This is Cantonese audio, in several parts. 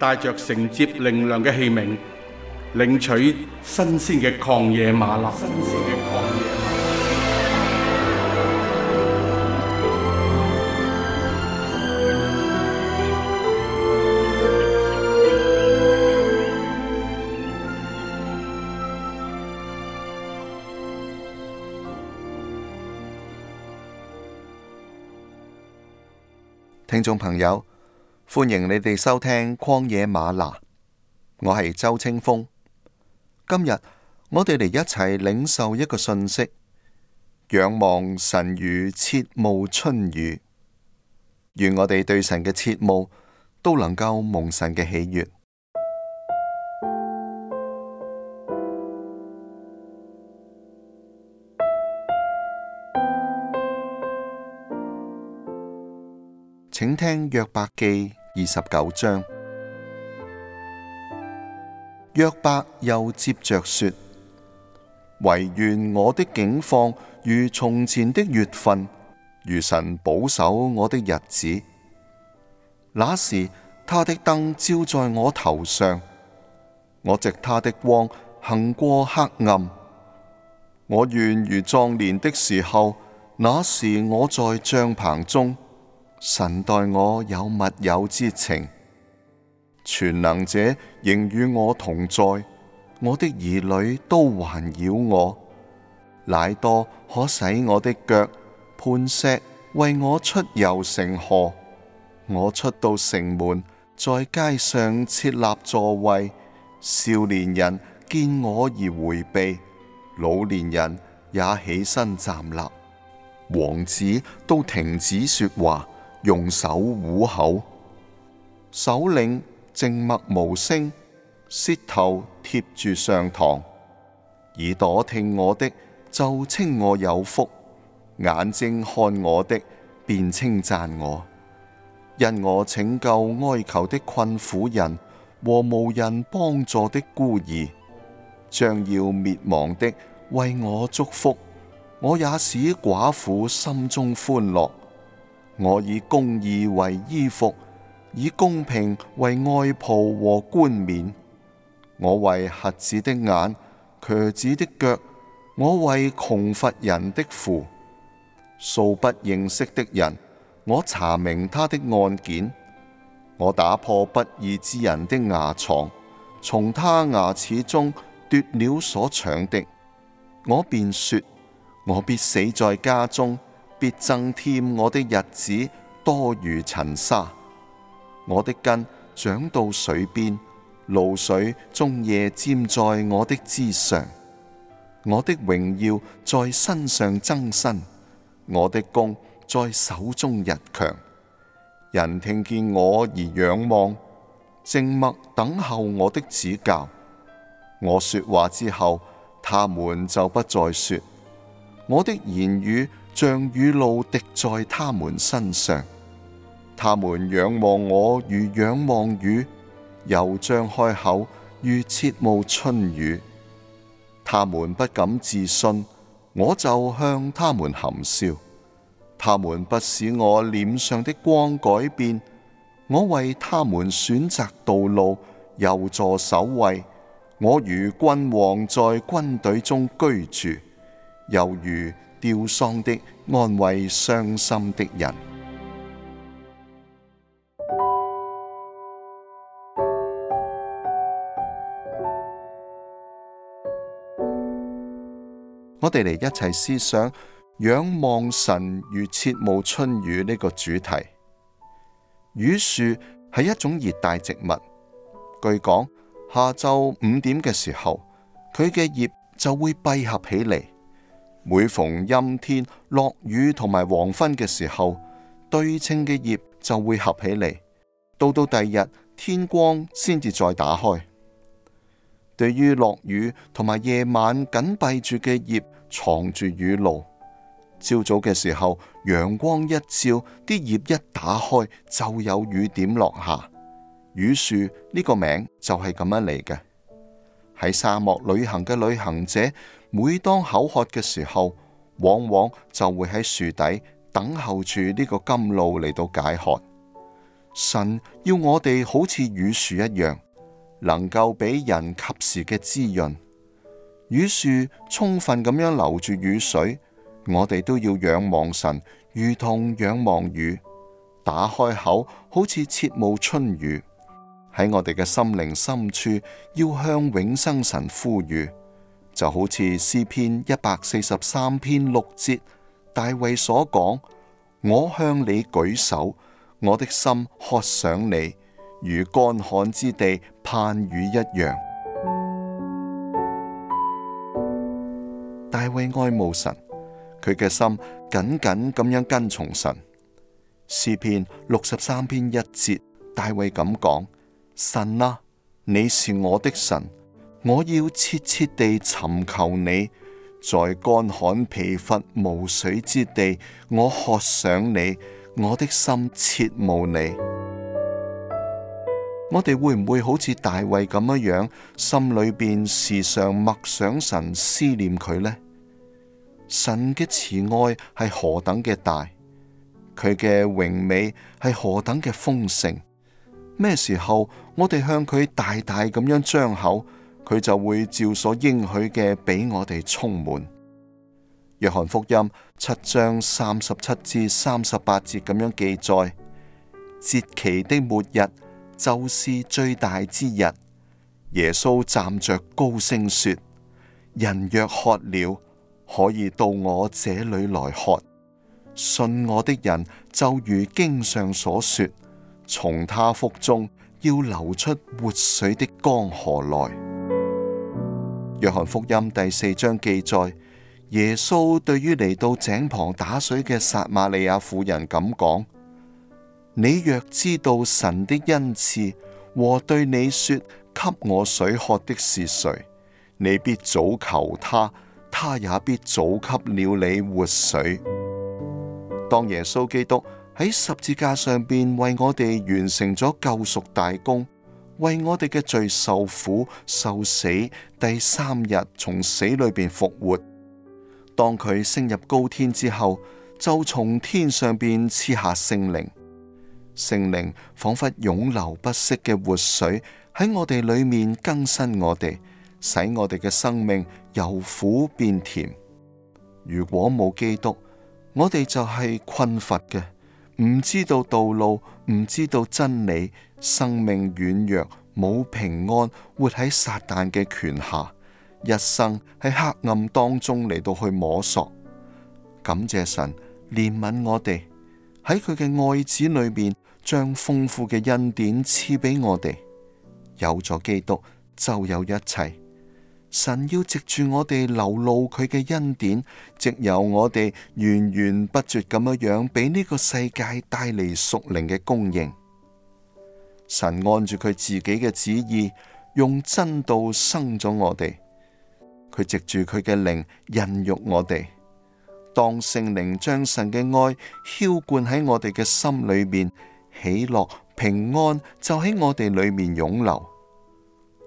帶着承接靈糧嘅器皿，領取新鮮嘅曠野嗎哪。新鮮嘅曠野嗎哪。聽眾朋友。歡迎你哋收聽曠野嗎哪，我係周清風。今日我哋嚟一齊領受一個訊息，仰望神如切慕春雨，願我哋對神嘅切慕都能夠蒙神嘅喜悅。請聽約伯記。二十九章，約伯又接着說：唯願我的境況如從前的月份，如神保守我的日子。那時他的燈照在我頭上，我藉他的光行過黑暗。我願如壯年的時候，那時我在帳棚中。神待我有密友之情，全能者仍與我同在，我的兒女都環繞我，乃多可洗我的腳，磐石為我出油成河。我出到城門，在街上設立座位，少年人見我而回避，老年人也起身站立，王子都停止說話。用手捂口，首領靜默無聲，舌頭貼住上膛。耳朵聽我的，就稱我有福，眼睛看我的便稱讚我，因我拯救哀求的困苦人和無人幫助的孤兒，將要滅亡的為我祝福，我也使寡婦心中歡樂。我以公義為衣服，以公平為外袍和冠冕。我為瞎子的眼，瘸子的腳，我為窮乏人的父。素不認識的人，我查明他的案件。我打破不義之人的牙床，從他牙齒中奪了所搶的。我便說：我必死在家中。別增添我的日子多如塵沙。我的根長到水邊，露水終夜沾在我的枝上。我的榮耀在身上增新，我的弓在手中日強。人聽見我而仰望，靜默等候我的指教。我說話之後，他們就不再說。我的言語。像雨露滴在他們身上，他們仰望我如仰望雨，又張開口如切慕春雨。他們不敢自信，我就向他們含笑。他們不使我臉上的光改變。我為他們選擇道路，又坐首位。我如君王在軍隊中居住，又如。吊喪的安慰傷心的人， 我哋嚟一齊思想仰望神如切慕春雨呢個主題。雨樹係一種熱帶植物，據講下晝五點嘅時候，佢嘅葉就會閉合起嚟。每逢陰天、落雨同埋黃昏嘅時候，對稱嘅葉就會合起嚟。到到第二日，天光先至再打開。對於落雨同埋夜晚緊閉住嘅葉，藏住雨露。朝早嘅時候，陽光一照，啲葉一打開，就有雨點落下。雨樹呢個名就係咁樣嚟嘅。喺沙漠旅行嘅旅行者。每當口渴嘅時候，往往就會喺樹底等候住呢個甘露嚟到解渴。神要我哋好似雨樹一樣，能夠俾人及時嘅滋潤。雨樹充分咁樣留住雨水，我哋都要仰望神，如同仰望雨，打開口好似切慕春雨。喺我哋嘅心靈深處，要向永生神呼籲。就好似詩篇一百四十三篇六節，大衛所講：我向你舉手，我的心渴想你，如乾旱之地盼雨一樣。大衛愛慕神，佢嘅心緊緊咁樣跟從神。詩篇六十三篇一節，大衛咁講：神啊，你是我的神。我要切切地尋求你，在乾旱疲乏無水之地，我渴想你，我的心切慕你。 我哋會唔會好似大衛咁樣樣，心裏邊時常默想神、思念佢呢？神嘅慈愛係何等嘅大，佢嘅榮美係何等嘅豐盛？咩時候我哋向佢大大咁樣張口？佢就會照所應許嘅，俾我哋充滿。約翰福音七章三十七至三十八節咁樣記載：「節期的末日就是最大之日。耶穌站着高聲說：「人若渴了，可以到我這裏來喝。信我的人就如經上所說：「從他腹中要流出活水的江河來。約翰福音第四章記載，耶穌對於嚟到井旁打水嘅撒瑪利亞婦人咁講：你若知道神的恩賜和對你說給我水喝的是誰，你必早求他，他也必早給了你活水。當耶穌基督喺十字架上邊為我哋完成咗救贖大功。為我哋嘅罪受苦受死，第三日從死裏邊復活。當佢升入高天之後，就從天上邊賜下聖靈，聖靈仿佛湧流不息嘅活水喺我哋裏面更新我哋，使我哋嘅生命由苦變甜。如果冇基督，我哋就係睏乏嘅，唔知道道路，唔知道真理。生命軟弱，冇平安，活喺撒旦嘅權下，一生喺黑暗當中嚟到去摸索。感謝神憐憫我哋，喺佢嘅愛子裏面，將豐富嘅恩典賜俾我哋。有咗基督就有一切。神要藉住我哋流露佢嘅恩典，藉由我哋源源不絕咁樣樣，俾呢個世界帶嚟屬靈嘅供應。神按住佢自己嘅旨意，用真道生咗我哋。佢藉住佢嘅靈孕育我哋，當聖靈將神嘅愛澆灌喺我哋嘅心裏面，喜樂平安就喺我哋裏面湧流。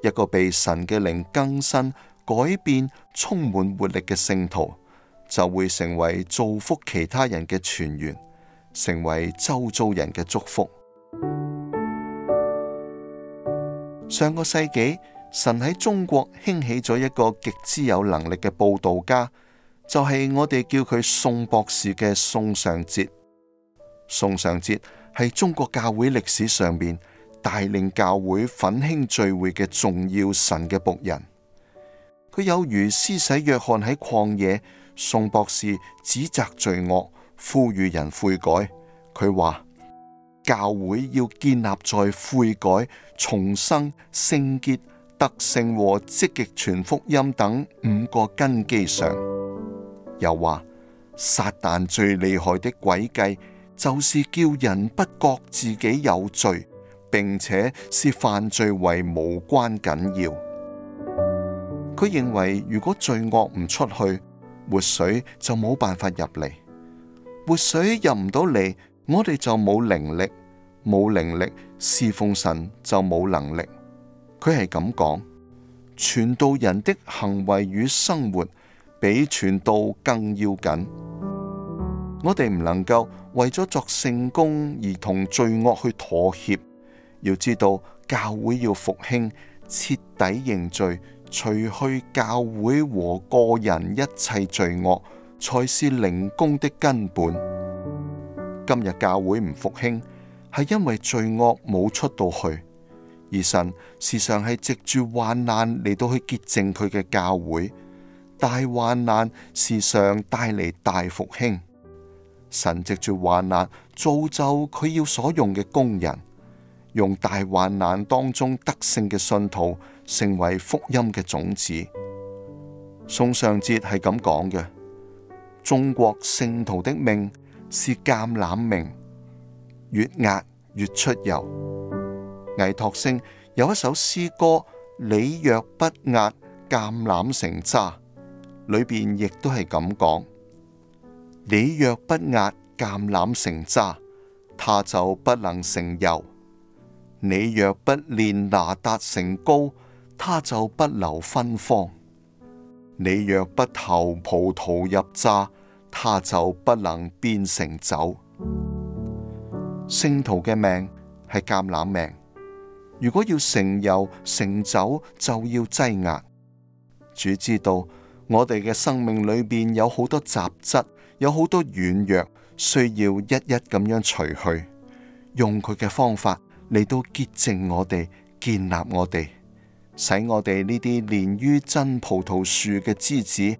一個被神嘅靈更新、改變、充滿活力嘅聖徒，就會成為祝福其他人嘅泉源，成為周遭人嘅祝福。上個世紀，神喺中國興起咗一個極之有能力嘅布道家，就係、是、我哋叫佢宋博士嘅宋尚哲。宋尚哲係中國教會歷史上面帶領教會奮興聚，聚會嘅重要神嘅僕人。佢有如施洗約翰喺曠野，宋博士指責罪惡，呼籲人悔改。佢話。教會要建立在悔改、重生、聖潔、得勝和積極傳福音等五個根基上。又話，撒但最厲害的詭計，就是叫人不覺自己有罪，並且視犯罪為無關緊要。佢認為，如果罪惡唔出去，活水就冇辦法入嚟。活水入唔到嚟。我哋就冇靈力，冇靈力侍奉神就冇能力。佢係咁講，傳道人的行為與生活比傳道更要緊。我哋唔能夠為咗作聖工而同罪惡去妥協。要知道教會要復興，徹底認罪，除去教會和個人一切罪惡，才是靈工的根本。今日教會唔復興，係因為罪惡冇出到去，而神時常係藉住患難嚟，到去潔淨佢嘅教會。大患難時常帶嚟大復興，神藉住患難造就佢要所用嘅工人，用大患難當中得勝嘅信徒，成為福音嘅種子。宋尚節係咁講嘅：中國聖徒的命，是橄欖明，越壓越出油。倪柝聲有一首詩歌，你若不壓橄欖成渣，裏邊亦都係咁講。你若不壓橄欖成渣，它就不能成油。你若不練拿達成膏，它就不留芬芳。你若不投葡萄入渣。他就不能變成酒。聖徒嘅命係橄欖命，如果要成油成酒，就要擠壓。主知道我哋嘅生命裏邊有好多雜質，有好多軟弱，需要一一咁樣除去，用佢嘅方法嚟到潔淨我哋，建立我哋，使我哋呢啲連於真葡萄樹嘅枝子。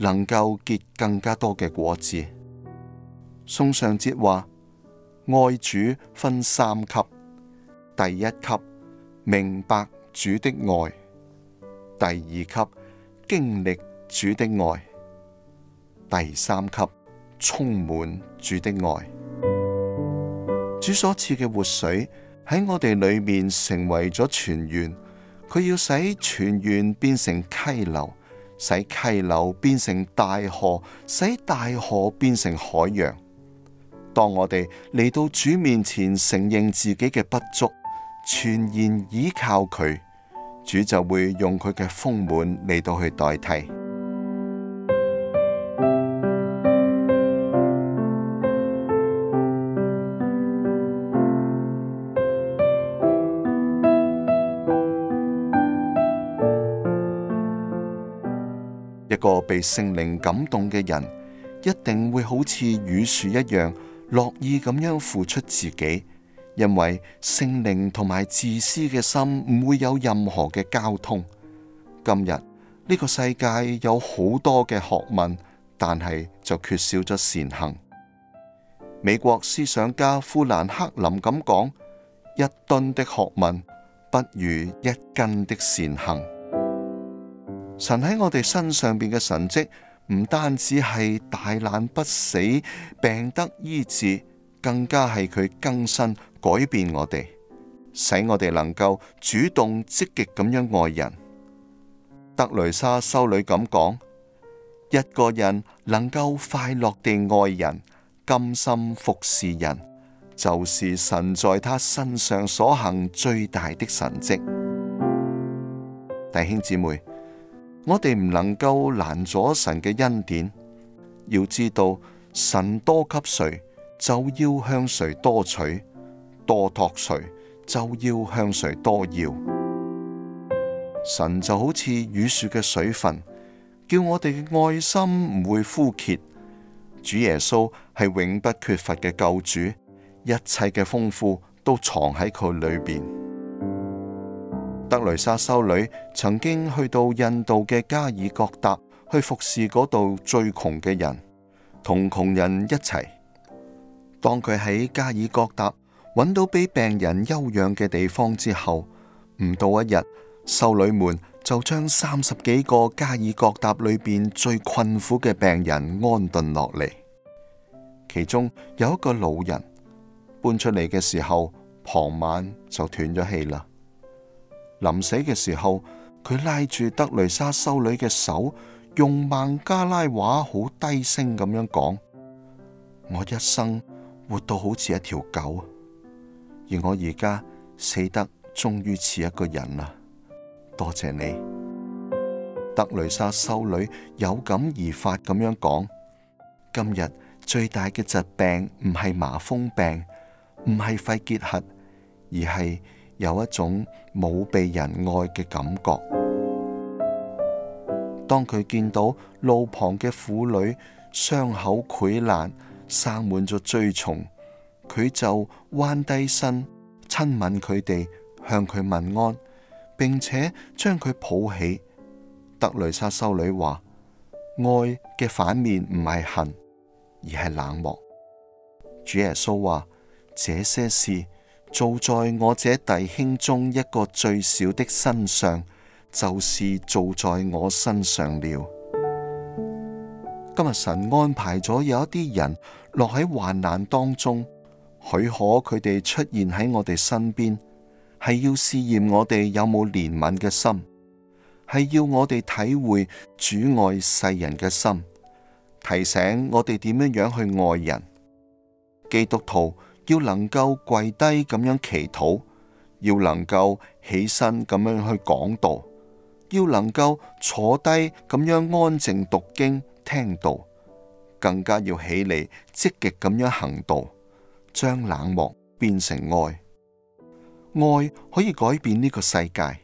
能夠結更加多嘅果子。宋尚節話，愛主分三級：第一級明白主的愛；第二級經歷主的愛；第三級充滿主的愛。主所賜嘅活水喺我哋裏面成為咗泉源，佢要使泉源變成溪流，使溪流變成大河，使大河變成海洋。當我哋嚟到主面前承認自己嘅不足，全然依靠佢，主就會用佢嘅豐滿嚟到去代替。被聖靈感動嘅人，一定會好似雨樹一樣樂意咁樣付出自己，因為聖靈同埋自私嘅心唔會有任何嘅交通。今日呢個世界有好多嘅學問，但係就缺少咗善行。美國思想家富蘭克林咁講：一噸的學問，不如一斤的善行。神喺我哋身上邊嘅神蹟，唔單止係大難不死、病得醫治，更加係佢更新改變我哋，使我哋能夠主動積極咁樣愛人。德蕾莎修女咁講，一個人能夠快樂地愛人、甘心服侍人，就是神在他身上所行最大的神蹟。弟兄姊妹。我哋唔能夠攔阻神嘅恩典，要知道神多給誰，就要向誰多取；多託誰，就要向誰多要。神就好似雨樹嘅水分，叫我哋嘅愛心唔會枯竭。主耶穌係永不缺乏嘅救主，一切嘅豐富都藏喺佢裏邊。德雷莎修女曾經去到印度嘅加爾各答去服侍嗰度最窮嘅人，同窮人一齊。當佢喺加爾各答揾到俾病人休養嘅地方之後，唔到一日，修女們就將三十幾個加爾各答裏邊最困苦嘅病人安頓落嚟。其中有一個老人搬出嚟嘅時候，傍晚就斷咗氣啦。臨死嘅時候，佢拉住德雷莎修女嘅手，用孟加拉話好低聲咁樣講：我一生活到好似一條狗，而我而家死得終於似一個人啦。多謝你，德雷莎修女有感而發咁樣講：今日最大嘅疾病唔係麻風病，唔係肺結核，而係有一種冇被人愛嘅感覺。當佢見到路旁嘅婦女傷口潰爛、生滿咗蛆蟲，佢就彎低身親吻佢哋，向佢問安，並且將佢抱起。特雷莎修女話：愛嘅反面唔係恨，而係冷漠。主耶穌話：這些事。做在我這弟兄中一個最小的身上，就是做在我身上了。今日神安排咗有一啲人落喺患難當中，許可佢哋出現喺我哋身邊，係要試驗我哋有冇憐憫嘅心，係要我哋體會主愛世人嘅心，提醒我哋點樣樣去愛人，基督徒。要能夠跪低咁樣祈禱，要能夠起身咁樣去講道，要能夠坐低咁樣安靜讀經聽道，更加要起嚟積極咁樣行道，將冷漠變成愛。愛可以改變呢個世界，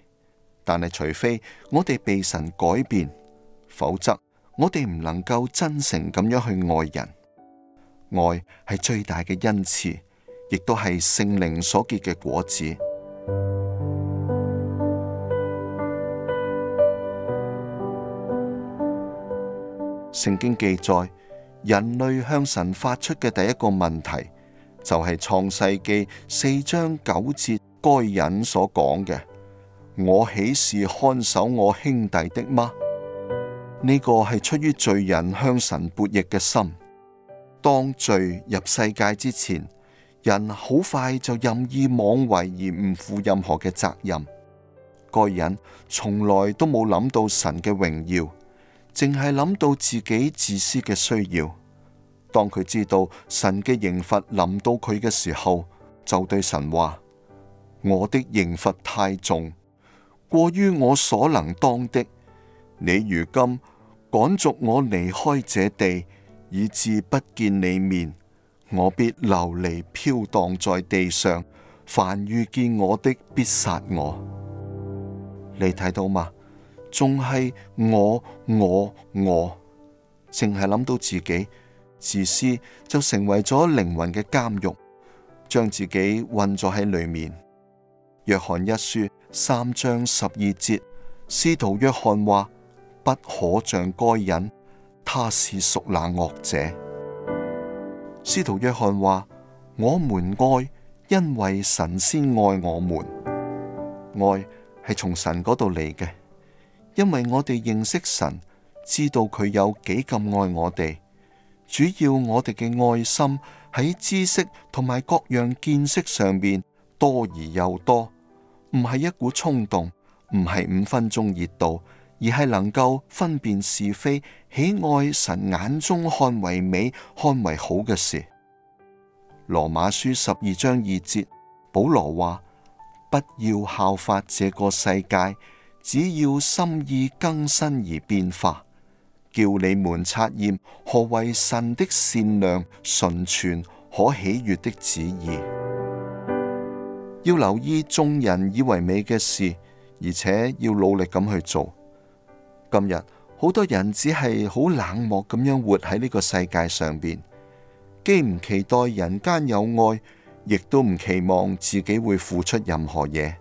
但係除非我哋被神改變，否則我哋唔能夠真誠咁樣去愛人。愛係最大嘅恩賜。亦都係聖靈所結嘅果子。聖經記載，人類向神發出嘅第一個問題，就係、是、創世記四章九節該隱所講嘅：「我豈是看守我兄弟的嗎？」呢、這個係出於罪人向神悖逆嘅心。當罪入世界之前。人好快就任意妄為而唔負任何嘅責任，個人從來都冇諗到神嘅榮耀，淨係諗到自己自私嘅需要。當佢知道神嘅刑罰臨到佢嘅時候，就對神話：「我的刑罰太重，過於我所能當的。」你如今趕逐我離開這地，以致不見你面。我必流離飄蕩在地上，凡遇見我的必殺我。你睇到嗎？仲係我我我，淨係諗到自己，自私就成為咗靈魂嘅監獄，將自己困咗喺裏面。約翰一書三章十二節，使徒約翰話：不可像該隱，他是屬那惡者。使徒約翰話：我們愛，因為神先愛我們。愛係從神嗰度嚟嘅，因為我哋認識神，知道佢有幾咁愛我哋。主要我哋嘅愛心喺知識同埋各樣見識上面多而又多，唔係一股衝動，唔係五分鐘熱度。而係能夠分辨是非，喜愛神眼中看為美、看為好嘅事。羅馬書十二章二節，保羅話：不要效法這個世界，只要心意更新而變化，叫你們察驗何為神的善良、純全、可喜悅的旨意。要留意眾人以為美嘅事，而且要努力咁去做。今日好多人只係好冷漠咁樣活喺呢個世界上邊，既唔期待人間有愛，亦都唔期望自己會付出任何嘢。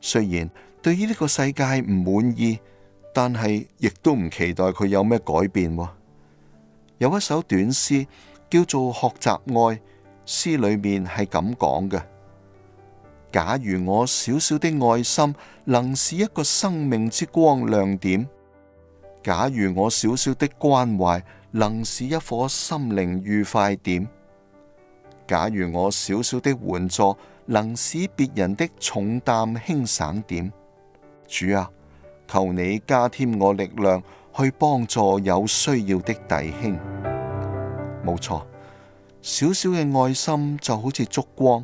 雖然對於呢個世界唔滿意，但係亦都唔期待佢有咩改變。有一首短詩叫做《學習愛》，詩裏面係咁講嘅：假如我小小的愛心能使一個生命之光亮點。假如我小小的關懷能使一顆心靈愉快點，假如我小小的援助能使別人的重擔輕省點，主啊，求你加添我力量去幫助有需要的弟兄。冇錯，小小嘅愛心就好似燭光，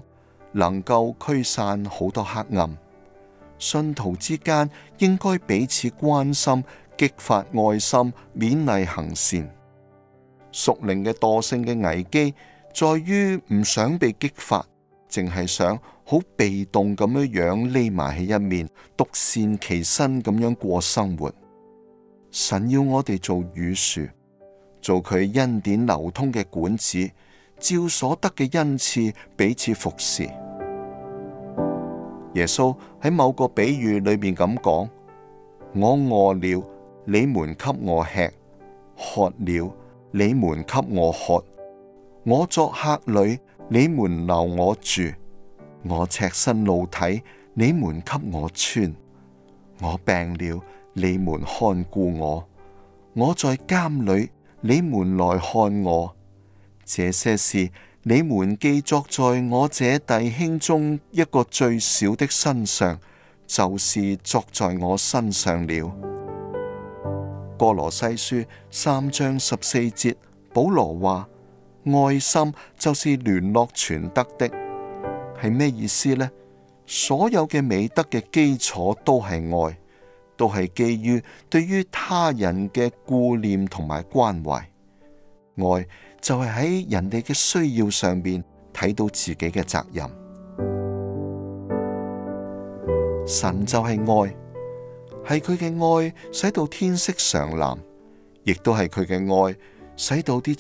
能夠驅散好多黑暗。信徒之間應該彼此關心。激發愛心，勉勵行善。屬靈嘅惰性嘅危機，在於唔想被激發，淨係想好被動咁樣樣匿埋喺一面，獨善其身咁樣過生活。神要我哋做雨樹，做佢恩典流通嘅管子，照所得嘅恩賜彼此服侍。耶穌喺某個比喻裏面咁講：我餓了。你們給我吃喝了，你們給我喝，我作客旅，你們留我住，我赤身露體，你們給我穿，我病了，你們看顧我，我在監裏，你們來看我。這些事你們既作在我這弟兄中一個最小的身上，就是作在我身上了。歌羅西書三章十四節，保羅話：愛心就是聯絡全德的，係咩意思呢？所有嘅美德嘅基礎都係愛，都係基於對於他人嘅顧念同埋關懷。愛就係喺人哋嘅需要上邊睇到自己嘅責任。神就係愛。係佢嘅愛，使到天色常藍；亦都係佢嘅愛，使到啲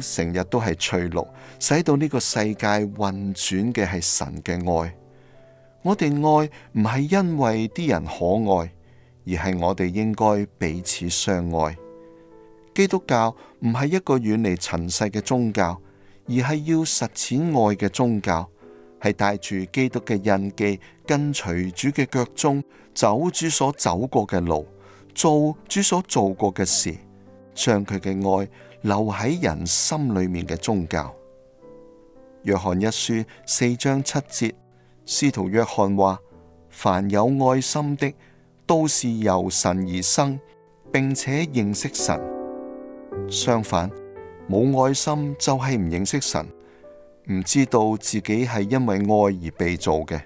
草成日都係翠綠，使到呢個世界運轉嘅係神嘅愛。我哋愛唔係因為啲人可愛，而係我哋應該彼此相愛。基督教唔係一個遠離塵世嘅宗教，而係要實踐愛嘅宗教，係帶住基督嘅印記，跟隨主嘅腳蹤，走主所走過嘅路，做主所做過嘅事，將佢嘅愛留喺人心裏面嘅宗教。約翰一書四章七節，司徒約翰話：凡有愛心的，都是由神而生，並且認識神。相反，冇愛心就係唔認識神，唔知道自己係因為愛而被造嘅。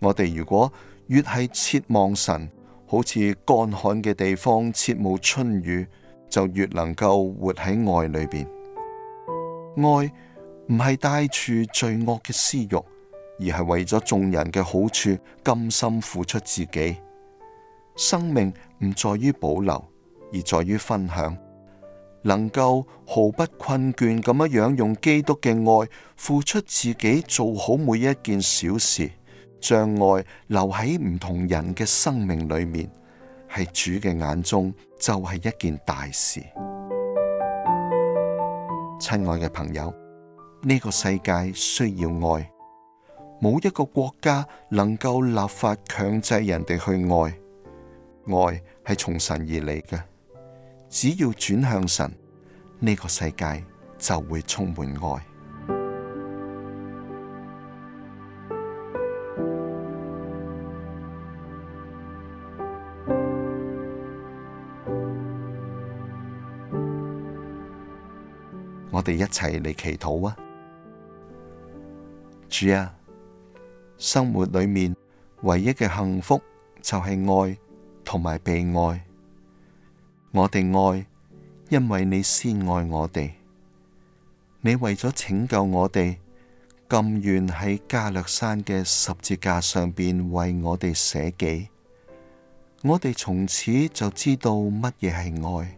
我哋如果越係切望神，好似乾旱嘅地方，切慕春雨，就越能夠活喺愛裏邊。愛唔係帶住罪惡嘅私欲，而係為咗眾人嘅好處，甘心付出自己。生命唔在於保留，而在於分享。能夠毫不困倦咁樣樣用基督嘅愛付出自己，做好每一件小事。障礙留喺唔同人嘅生命裏面，喺主嘅眼中就係一件大事。親愛嘅朋友，呢個世界需要愛，冇一個國家能夠立法強制人哋去愛。愛係從神而嚟嘅，只要轉向神，呢個世界就會充滿愛。我哋一齊嚟祈禱啊！主啊，生活裏面唯一嘅幸福就係愛同埋被愛。我哋愛，因為你先愛我哋。你為咗拯救我哋，甘願喺加略山嘅十字架上邊為我哋捨己。我哋從此就知道乜嘢係愛。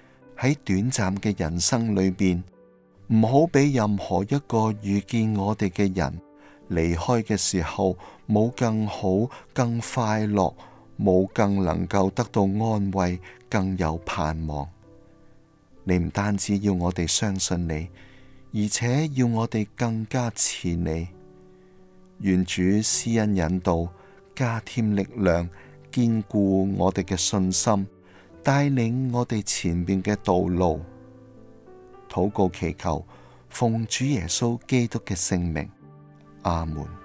喺短暫嘅人生裏邊，唔好俾任何一個遇見我哋嘅人離開嘅時候，冇更好、更快樂，冇更能夠得到安慰、更有盼望。你唔單止要我哋相信你，而且要我哋更加似你。願主施恩引導，加添力量，堅固我哋嘅信心。帶領我哋前面嘅道路，禱告祈求，奉主耶穌基督嘅聖名，阿門。